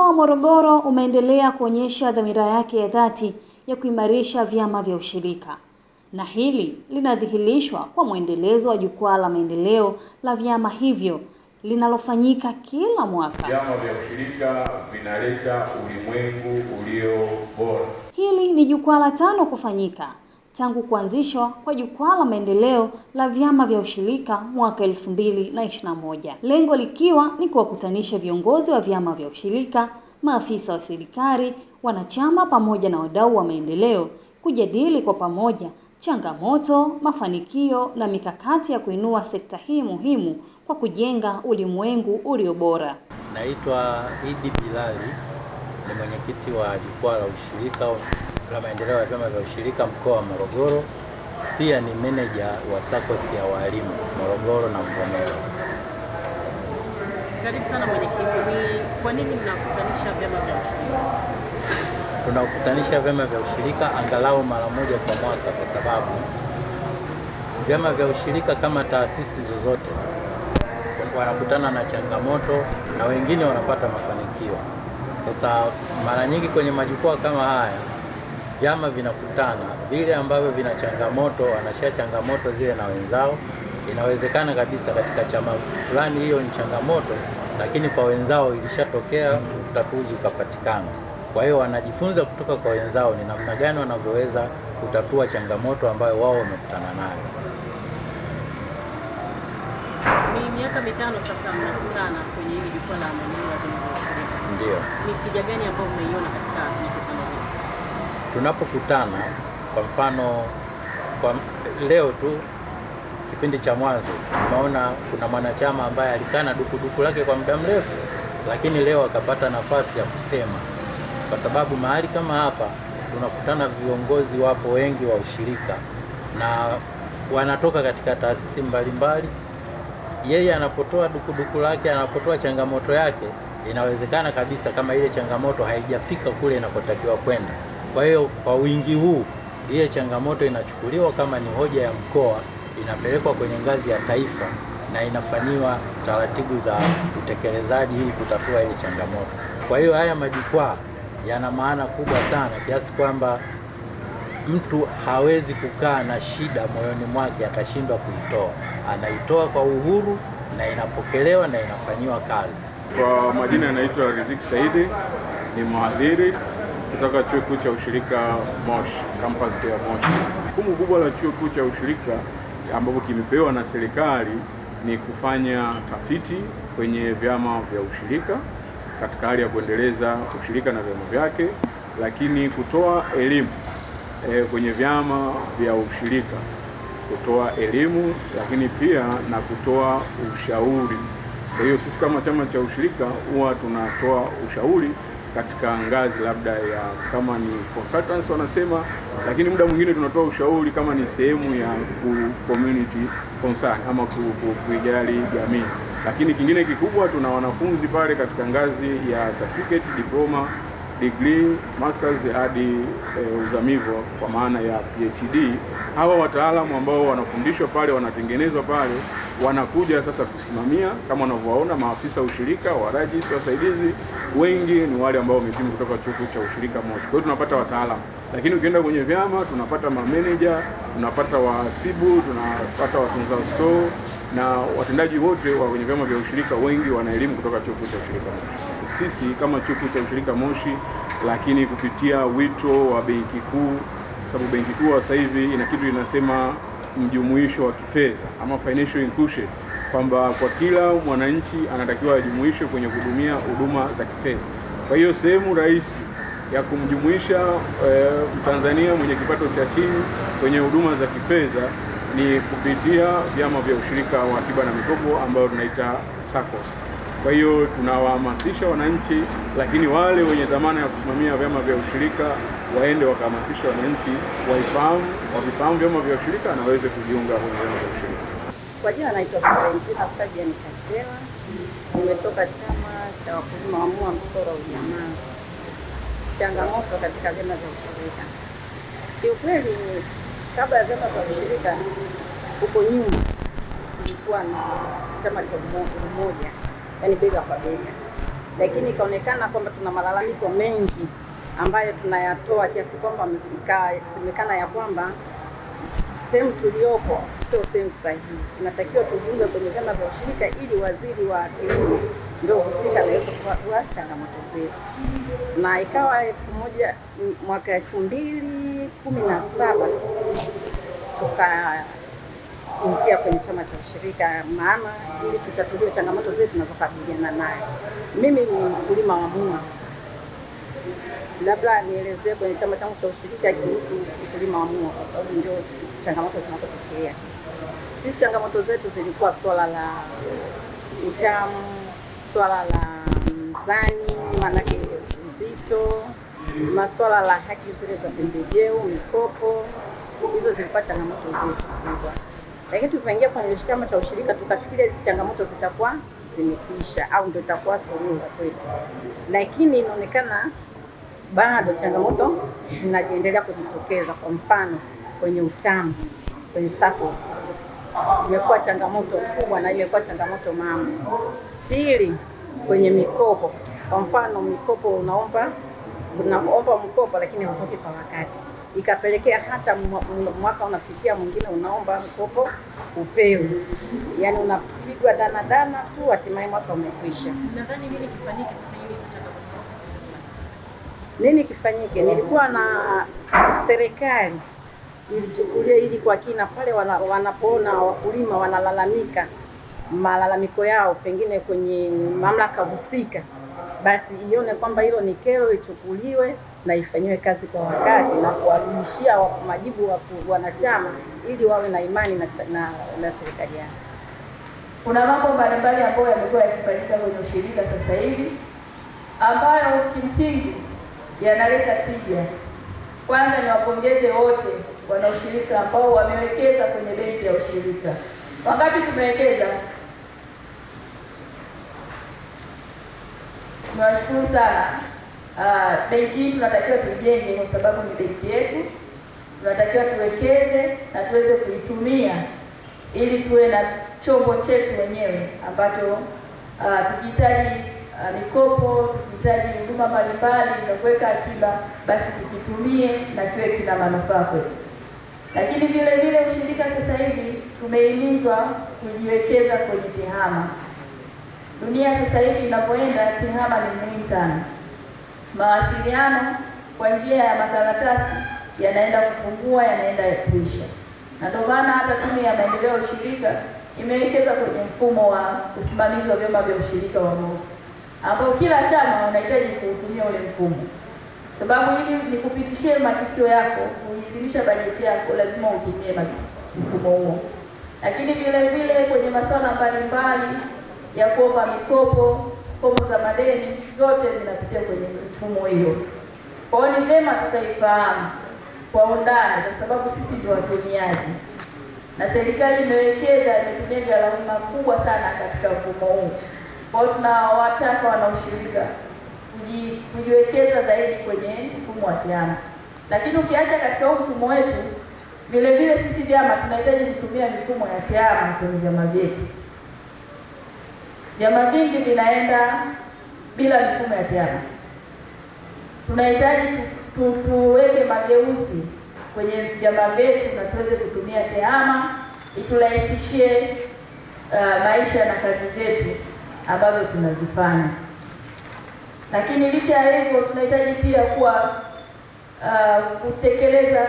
Mkoa wa Morogoro umeendelea kuonyesha dhamira yake ya dhati ya kuimarisha vyama vya ushirika na hili linadhihirishwa kwa mwendelezo wa jukwaa la maendeleo la vyama hivyo linalofanyika kila mwaka. Vyama vya ushirika vinaleta ulimwengu ulio bora. Hili ni jukwaa la tano kufanyika tangu kuanzishwa kwa jukwaa la maendeleo la vyama vya ushirika mwaka elfu na lengo likiwa ni kuwakutanisha viongozi wa vyama vya ushirika, maafisa wa serikali, wanachama pamoja na wadau wa maendeleo kujadili kwa pamoja changamoto, mafanikio na mikakati ya kuinua sekta hii muhimu kwa kujenga ulimwengu ulio bora. Naitwa Idi Bilali, ni mwenyekiti wa jukwaa la ushirika la maendeleo ya vyama vya ushirika mkoa wa Morogoro. Pia ni meneja wa SACCOS ya walimu Morogoro na Mvomero. Karibu sana mwenyekiti, ni kwa nini mnakutanisha vyama vya ushirika? Tunakutanisha vyama vya ushirika angalau mara moja kwa mwaka, kwa sababu vyama vya ushirika kama taasisi zozote wanakutana na changamoto na wengine wanapata mafanikio. Sasa mara nyingi kwenye majukwaa kama haya vyama vinakutana, vile ambavyo vina changamoto wanashia changamoto zile na wenzao. Inawezekana kabisa katika chama fulani hiyo ni changamoto, lakini kwa wenzao ilishatokea utatuzi ukapatikana. Kwa hiyo wanajifunza kutoka kwa wenzao ni namna gani wanavyoweza kutatua changamoto ambayo wao wamekutana nayo. Ni miaka mitano sasa mnakutana kwenye hili jukwaa la maendeleo ya viongozi. Ndio. Ni tija gani ambayo mmeiona katika tunapokutana kwa mfano kwa leo tu kipindi cha mwanzo tunaona kuna mwanachama ambaye alikaa na dukuduku lake kwa muda mrefu, lakini leo akapata nafasi ya kusema, kwa sababu mahali kama hapa tunakutana viongozi, wapo wengi wa ushirika na wanatoka katika taasisi mbalimbali. Yeye anapotoa dukuduku lake, anapotoa changamoto yake, inawezekana kabisa kama ile changamoto haijafika kule inakotakiwa kwenda kwa hiyo kwa wingi huu, ile changamoto inachukuliwa kama ni hoja ya mkoa, inapelekwa kwenye ngazi ya taifa na inafanyiwa taratibu za utekelezaji ili kutatua ile changamoto. Kwa hiyo haya majukwaa yana maana kubwa sana kiasi kwamba mtu hawezi kukaa na shida moyoni mwake akashindwa kuitoa. Anaitoa kwa uhuru na inapokelewa na inafanyiwa kazi. Kwa majina yanaitwa Riziki Saidi, ni mhadhiri kutoka chuo kikuu cha ushirika Moshi, kampasi ya Moshi. Jukumu kubwa la chuo kikuu cha ushirika ambapo kimepewa na serikali ni kufanya tafiti kwenye vyama vya ushirika katika hali ya kuendeleza ushirika na vyama vyake, lakini kutoa elimu e, kwenye vyama vya ushirika, kutoa elimu lakini pia na kutoa ushauri. Kwa hiyo sisi kama chama cha ushirika huwa tunatoa ushauri katika ngazi labda ya kama ni consultants wanasema, lakini muda mwingine tunatoa ushauri kama ni sehemu ya community concern ama kuijali jamii. Lakini kingine kikubwa, tuna wanafunzi pale katika ngazi ya certificate, diploma degree, masters hadi e, uzamivu kwa maana ya PhD. Hawa wataalamu ambao wanafundishwa pale, wanatengenezwa pale, wanakuja sasa kusimamia. Kama unavyowaona maafisa ushirika, warajisi, wasaidizi wengi ni wale ambao wamehitimu kutoka chuo cha ushirika Moshi. Kwa hiyo tunapata wataalamu, lakini ukienda kwenye vyama tunapata mameneja, tunapata wahasibu, tunapata watunza store na watendaji wote wa kwenye vyama vya ushirika, wengi wana elimu kutoka chuo cha ushirika Moshi sisi kama chuo kikuu cha ushirika Moshi, lakini kupitia wito wa benki kuu, sababu benki kuu sasa hivi ina kitu inasema mjumuisho wa kifedha ama financial inclusion, kwamba kwa kila mwananchi anatakiwa ajumuishwe kwenye kuhudumia huduma za kifedha. Kwa hiyo sehemu rahisi ya kumjumuisha eh, Mtanzania mwenye kipato cha chini kwenye huduma za kifedha ni kupitia vyama vya ushirika wa akiba na mikopo ambayo tunaita SACCOS. Kwa hiyo tunawahamasisha wananchi, lakini wale wenye dhamana ya kusimamia vyama vya ushirika waende wakahamasisha wananchi waifahamu, wavifahamu vyama vya ushirika na waweze kujiunga kwenye vyama vya ushirika. Kwa jina naitwa Valentina Fabian Katela, nimetoka chama cha wakulima wa mua Msoro Ujamaa. Changamoto katika vyama vya ushirika, kiukweli, kabla ya vyama vya ushirika huko nyuma kulikuwa na chama cha umoja yani bega kwa bega, lakini ikaonekana kwamba tuna malalamiko mengi ambayo tunayatoa kiasi kwamba imesemekana ya kwamba sehemu tuliopo sio sehemu sahihi. Inatakiwa tujiunge kwenye vyama vya ushirika ili waziri wa kilimo ndio husika naweza kutatua changamoto zetu, na ikawa elfu moja mwaka elfu mbili kumi na saba tuka kuingia kwenye chama cha ushirika mama ili tutatulie changamoto zetu tunazokabiliana nayo. Mimi ni mkulima wa mua, labda nielezee kwenye chama changu cha ushirika kuhusu mkulima wa mua, kwa sababu ndio changamoto tunazopitia sisi. Changamoto zetu zilikuwa swala la utamu, swala la mzani, maanake uzito, maswala la haki zile za pembejeo, mikopo, hizo zilikuwa changamoto zetu kubwa lakini tulivyoingia kwenye chama cha ushirika tukafikiria hizi changamoto zitakuwa zimekwisha au ndio itakuwa suluhu ya kweli, lakini inaonekana bado changamoto zinaendelea kujitokeza. Kwa mfano kwenye utamu, kwenye sako imekuwa changamoto kubwa na imekuwa changamoto mama. Pili, kwenye mikopo, kwa mfano mikopo unaomba unaomba mkopo lakini hautoki kwa wakati ikapelekea hata mwaka unafikia mwingine unaomba mkopo upewe, yaani unapigwa danadana tu, hatimaye mwaka umekwisha. Nadhani nini kifanyike? Nini kifanyike? Nilikuwa na serikali ilichukulia ili kwa kina pale wana, wanapoona wakulima wanalalamika malalamiko yao pengine kwenye mamlaka husika, basi ione kwamba hilo ni kero, ichukuliwe na ifanyiwe kazi kwa wakati na kuwarudishia majibu wanachama ili wawe na imani na, na, na serikali yao. Kuna mambo mbalimbali ambayo yamekuwa yakifanyika kwenye ushirika sasa hivi ambayo kimsingi yanaleta tija. Kwanza niwapongeze wote wanaoshirika ambao wamewekeza kwenye benki ya ushirika. Wangapi tumewekeza? Tunawashukuru sana. Ah, benki hii tunatakiwa tuijenge kwa sababu ni benki yetu. Tunatakiwa tuwekeze na tuweze kuitumia ili tuwe na chombo chetu wenyewe ambacho uh, tukihitaji uh, mikopo, tukihitaji huduma mbalimbali za kuweka akiba, basi tukitumie na kiwe kina manufaa kwetu. Lakini vile vile ushirika sasa hivi tumehimizwa kujiwekeza kwenye tehama. Dunia sasa hivi inapoenda, tehama ni muhimu sana mawasiliano kwa njia ya makaratasi yanaenda kupungua, yanaenda kuisha, na ndio maana hata Tume ya Maendeleo ya Ushirika imewekeza kwenye mfumo wa usimamizi wa vyama vya ushirika wa Mbogo ambao kila chama unahitaji kuutumia ule mfumo, sababu ili nikupitishie makisio yako, kuizilisha bajeti yako, lazima utumie mfumo huo. Lakini vile vile kwenye masuala mbalimbali ya kuomba mikopo fomu za madeni zote zinapitia kwenye mfumo hiyo. Kwa ni vema tukaifahamu kwa undani, kwa sababu sisi ndio watumiaji na serikali imewekeza, imetumia gharama kubwa sana katika mfumo huu. Kwa tunawataka wanaoshirika kujiwekeza zaidi kwenye mfumo wa TEHAMA, lakini ukiacha katika huu mfumo wetu, vile vile sisi vyama tunahitaji kutumia mifumo ya TEHAMA kwenye vyama vyetu. Vyama vingi vinaenda bila mifumo ya tehama Tunahitaji tu, tuweke mageuzi kwenye vyama vyetu na tuweze kutumia tehama iturahisishie uh, maisha na kazi zetu ambazo tunazifanya. Lakini licha ya hivyo, tunahitaji pia kuwa uh, kutekeleza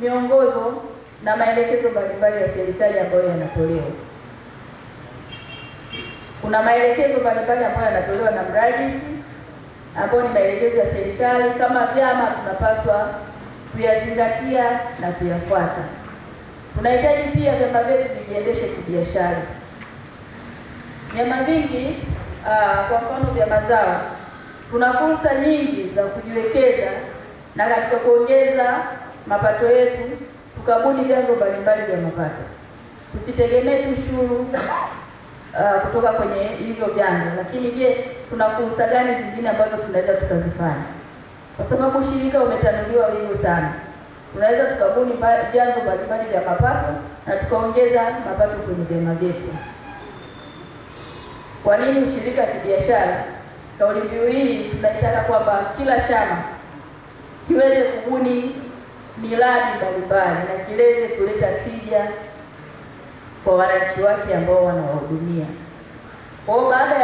miongozo na maelekezo mbalimbali ya serikali ambayo yanatolewa. Kuna maelekezo mbalimbali ambayo yanatolewa na mrajisi ambayo ni maelekezo ya serikali. Kama vyama tunapaswa kuyazingatia na kuyafuata. Tunahitaji pia vyama vyetu vijiendeshe kibiashara. Vyama vingi uh, kwa mfano vya mazao, tuna fursa nyingi za kujiwekeza na katika kuongeza mapato yetu, tukabuni vyanzo mbalimbali vya mapato, tusitegemee tu shuru uh, kutoka kwenye hivyo vyanzo. Lakini je, kuna fursa gani zingine ambazo tunaweza tukazifanya? Kwa sababu ushirika umetanuliwa wingi sana, tunaweza tukabuni vyanzo mbalimbali vya mapato na tukaongeza mapato kwenye vyama vyetu. Kwa nini ushirika wa kibiashara? Kauli mbiu hii tunaitaka kwamba kila chama kiweze kubuni miradi mbalimbali na kiweze kuleta tija kwa wananchi wake ambao wanawahudumia. Kwa baada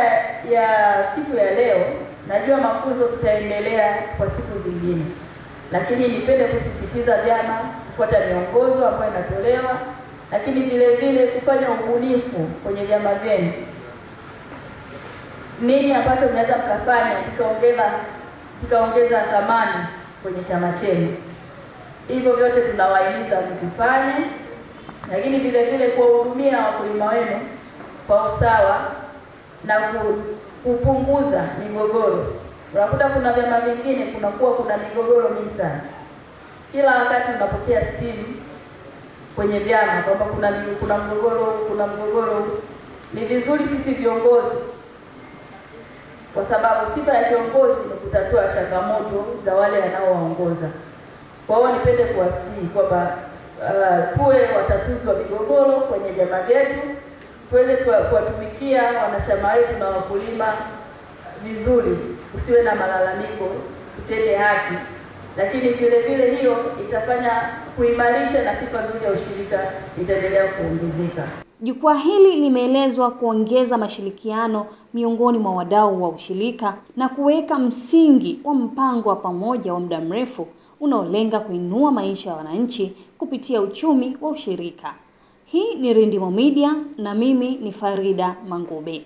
ya siku ya leo, najua mafunzo tutaendelea kwa siku zingine, lakini nipende kusisitiza vyama kufuata miongozo ambayo inatolewa, lakini vile vile kufanya ubunifu kwenye vyama vyenu. Nini ambacho mnaweza mkafanya kikaongeza kikaongeza thamani kwenye chama chenu? Hivyo vyote tunawahimiza mkifanye lakini vile vile kuwahudumia wakulima wenu kwa usawa na kupunguza migogoro. Unakuta kuna vyama vingine kunakuwa kuna migogoro mingi sana, kila wakati unapokea simu kwenye vyama kwamba kuna kuna mgogoro, kuna mgogoro. Ni vizuri sisi viongozi, kwa sababu sifa ya kiongozi ni kutatua changamoto za wale wanaowaongoza Kwa hiyo nipende kuwasihi kwamba uh, tuwe watatuzi wa migogoro kwenye vyama vyetu, tuweze kuwatumikia wanachama wetu na wakulima vizuri, usiwe na malalamiko, tutende haki. Lakini vile vile hiyo itafanya kuimarisha na sifa nzuri ya ushirika itaendelea kuongezeka. Jukwaa hili limeelezwa kuongeza mashirikiano miongoni mwa wadau wa ushirika na kuweka msingi wa mpango wa pamoja wa muda mrefu unaolenga kuinua maisha ya wananchi kupitia uchumi wa ushirika. Hii ni Rindimo Media na mimi ni Farida Mangube.